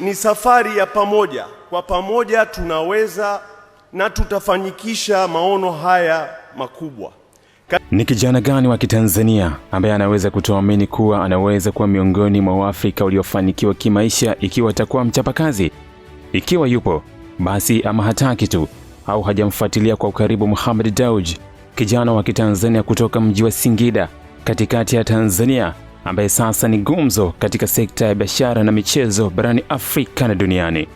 ni safari ya pamoja. Kwa pamoja tunaweza na tutafanyikisha maono haya makubwa. Ni kijana gani wa Kitanzania ambaye anaweza kutoamini kuwa anaweza kuwa miongoni mwa Waafrika waliofanikiwa kimaisha ikiwa atakuwa mchapakazi? Ikiwa yupo basi, ama hataki tu au hajamfuatilia kwa ukaribu muhamed Dewji, kijana wa Kitanzania kutoka mji wa Singida katikati ya Tanzania ambaye sasa ni gumzo katika sekta ya biashara na michezo barani Afrika na duniani.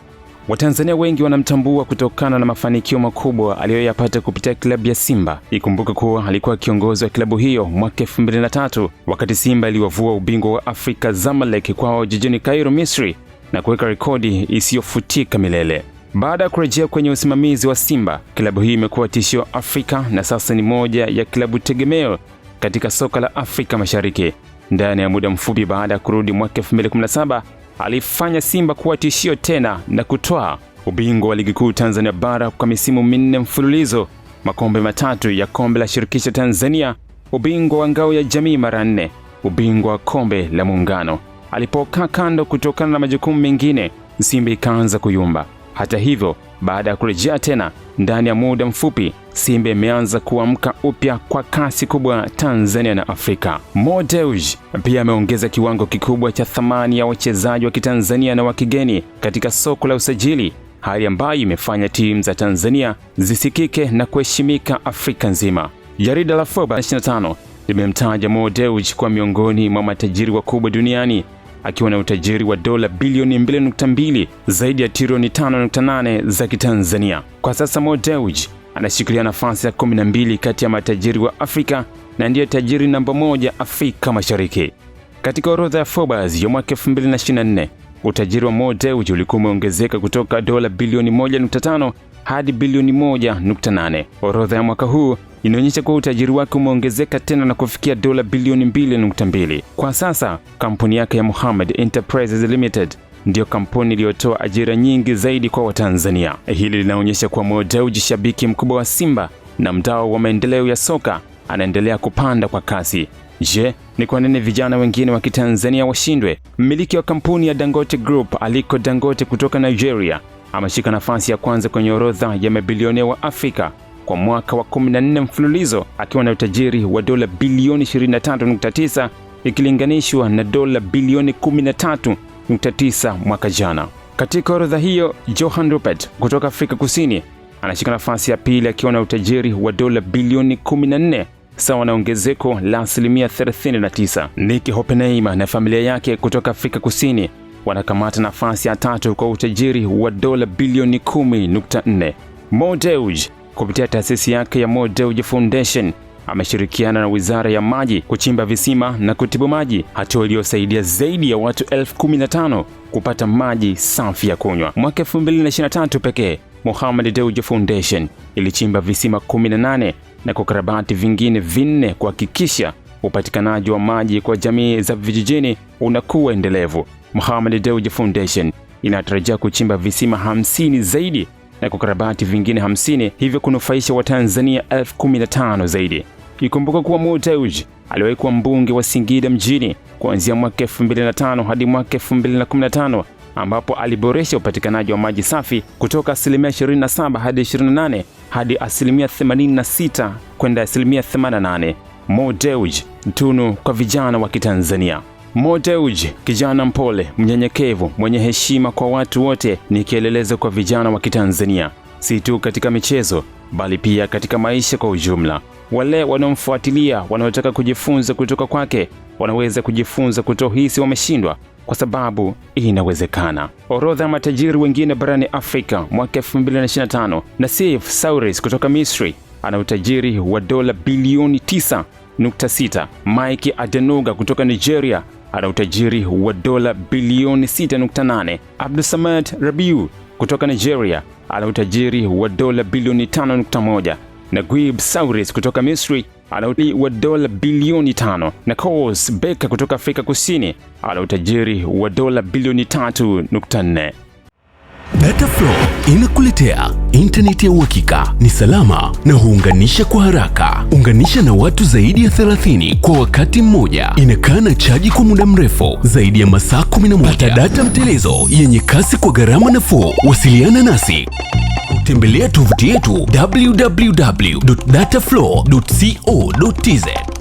Watanzania wengi wanamtambua kutokana na mafanikio makubwa aliyoyapata kupitia klabu ya Simba. Ikumbuke kuwa alikuwa kiongozi wa klabu hiyo mwaka 2003 wakati Simba iliwavua ubingwa wa Afrika Zamalek kwao jijini Cairo, Misri na kuweka rekodi isiyofutika milele. Baada ya kurejea kwenye usimamizi wa Simba, klabu hii imekuwa tishio Afrika na sasa ni moja ya klabu tegemeo katika soka la Afrika Mashariki. Ndani ya muda mfupi baada ya kurudi mwaka 2017 alifanya Simba kuwa tishio tena na kutwaa ubingwa wa ligi kuu Tanzania bara kwa misimu minne mfululizo, makombe matatu ya kombe la shirikisho Tanzania, ubingwa wa ngao ya jamii mara nne, ubingwa wa kombe la Muungano. Alipokaa kando kutokana na majukumu mengine, Simba ikaanza kuyumba. Hata hivyo, baada ya kurejea tena ndani ya muda mfupi, Simba imeanza kuamka upya kwa kasi kubwa Tanzania na Afrika. Mo Dewji pia ameongeza kiwango kikubwa cha thamani ya wachezaji wa Kitanzania na wa kigeni katika soko la usajili, hali ambayo imefanya timu za Tanzania zisikike na kuheshimika Afrika nzima. Jarida la Forbes 25 limemtaja Mo Dewji kwa miongoni mwa matajiri wakubwa duniani akiwa na utajiri wa dola bilioni 2.2, zaidi ya trilioni 5.8 za Kitanzania. Kwa sasa Mo Dewji anashikilia nafasi ya 12 kati ya matajiri wa Afrika na ndiye tajiri namba moja Afrika Mashariki. Katika orodha ya Forbes ya mwaka 2024, utajiri wa Mo Dewji ulikuwa umeongezeka kutoka dola bilioni 1.5 hadi bilioni 1.8. Orodha ya mwaka huu inaonyesha kuwa utajiri wake umeongezeka tena na kufikia dola bilioni 2.2. Kwa sasa kampuni yake ya Mohammed Enterprises Limited ndiyo kampuni iliyotoa ajira nyingi zaidi kwa Watanzania. Hili linaonyesha kuwa Mwadauji, shabiki mkubwa wa Simba na mdau wa maendeleo ya soka, anaendelea kupanda kwa kasi. Je, ni kwa nini vijana wengine wa Kitanzania washindwe? Mmiliki wa kampuni ya Dangote Group, Aliko Dangote kutoka Nigeria, ameshika nafasi ya kwanza kwenye orodha ya mabilionea wa Afrika kwa mwaka wa 14 mfululizo akiwa na utajiri wa dola bilioni 23.9 ikilinganishwa na dola bilioni 13.9 mwaka jana. Katika orodha hiyo, Johan Rupert kutoka Afrika Kusini anashika nafasi ya pili akiwa na utajiri wa dola bilioni 14 sawa na ongezeko la asilimia 39. Nicky Hoppenheimer na familia yake kutoka Afrika Kusini wanakamata nafasi ya tatu kwa utajiri wa dola bilioni 10.4. Mo Dewji kupitia taasisi yake ya Mo Dewji Foundation ameshirikiana na Wizara ya Maji kuchimba visima na kutibu maji, hatua iliyosaidia zaidi ya watu elfu kumi na tano kupata maji safi ya kunywa. Mwaka 2023 pekee, Mohamed Dewji Foundation ilichimba visima 18 na kukarabati vingine vinne kuhakikisha upatikanaji wa maji kwa jamii za vijijini unakuwa endelevu. Mohamed Dewji Foundation inatarajia kuchimba visima 50 zaidi na kukarabati vingine 50 hivyo kunufaisha Watanzania tanzania kumi zaidi. Ikumbuka kuwa Moteuj aliwahi kuwa mbunge wa Singida mjini kuanzia mwaka 2005 hadi mwaka 215 ambapo aliboresha upatikanaji wa maji safi kutoka asilimia 27 hadi 28 hadi asilimia 86 kwenda asilimia 88. Mo Dewji, tunu kwa vijana wa Kitanzania moteuji kijana mpole, mnyenyekevu, mwenye heshima kwa watu wote, ni kielelezo kwa vijana wa Kitanzania, si tu katika michezo, bali pia katika maisha kwa ujumla. Wale wanaomfuatilia, wanaotaka kujifunza kutoka kwake, wanaweza kujifunza kutohisi wameshindwa kwa sababu inawezekana. Orodha ya matajiri wengine barani Afrika mwaka 2025: Nassif Sawiris kutoka Misri ana utajiri wa dola bilioni 9.6. Mike Adenuga kutoka Nigeria ana utajiri wa dola bilioni 6.8. Abdusamad Rabiu kutoka Nigeria ana utajiri wa dola bilioni 5.1. Naguib Sauris kutoka Misri ana utajiri wa dola bilioni 5. na cos Beka kutoka Afrika Kusini ana utajiri wa dola bilioni 3.4. Betaflow inakuletea intaneti ya uhakika, ni salama na huunganisha kwa haraka. Unganisha na watu zaidi ya 30 kwa wakati mmoja. Inakaa na chaji kwa muda mrefu zaidi ya masaa 11. Pata data mtelezo yenye kasi kwa gharama nafuu. Wasiliana nasi tembelea tovuti yetu www.dataflow.co.tz.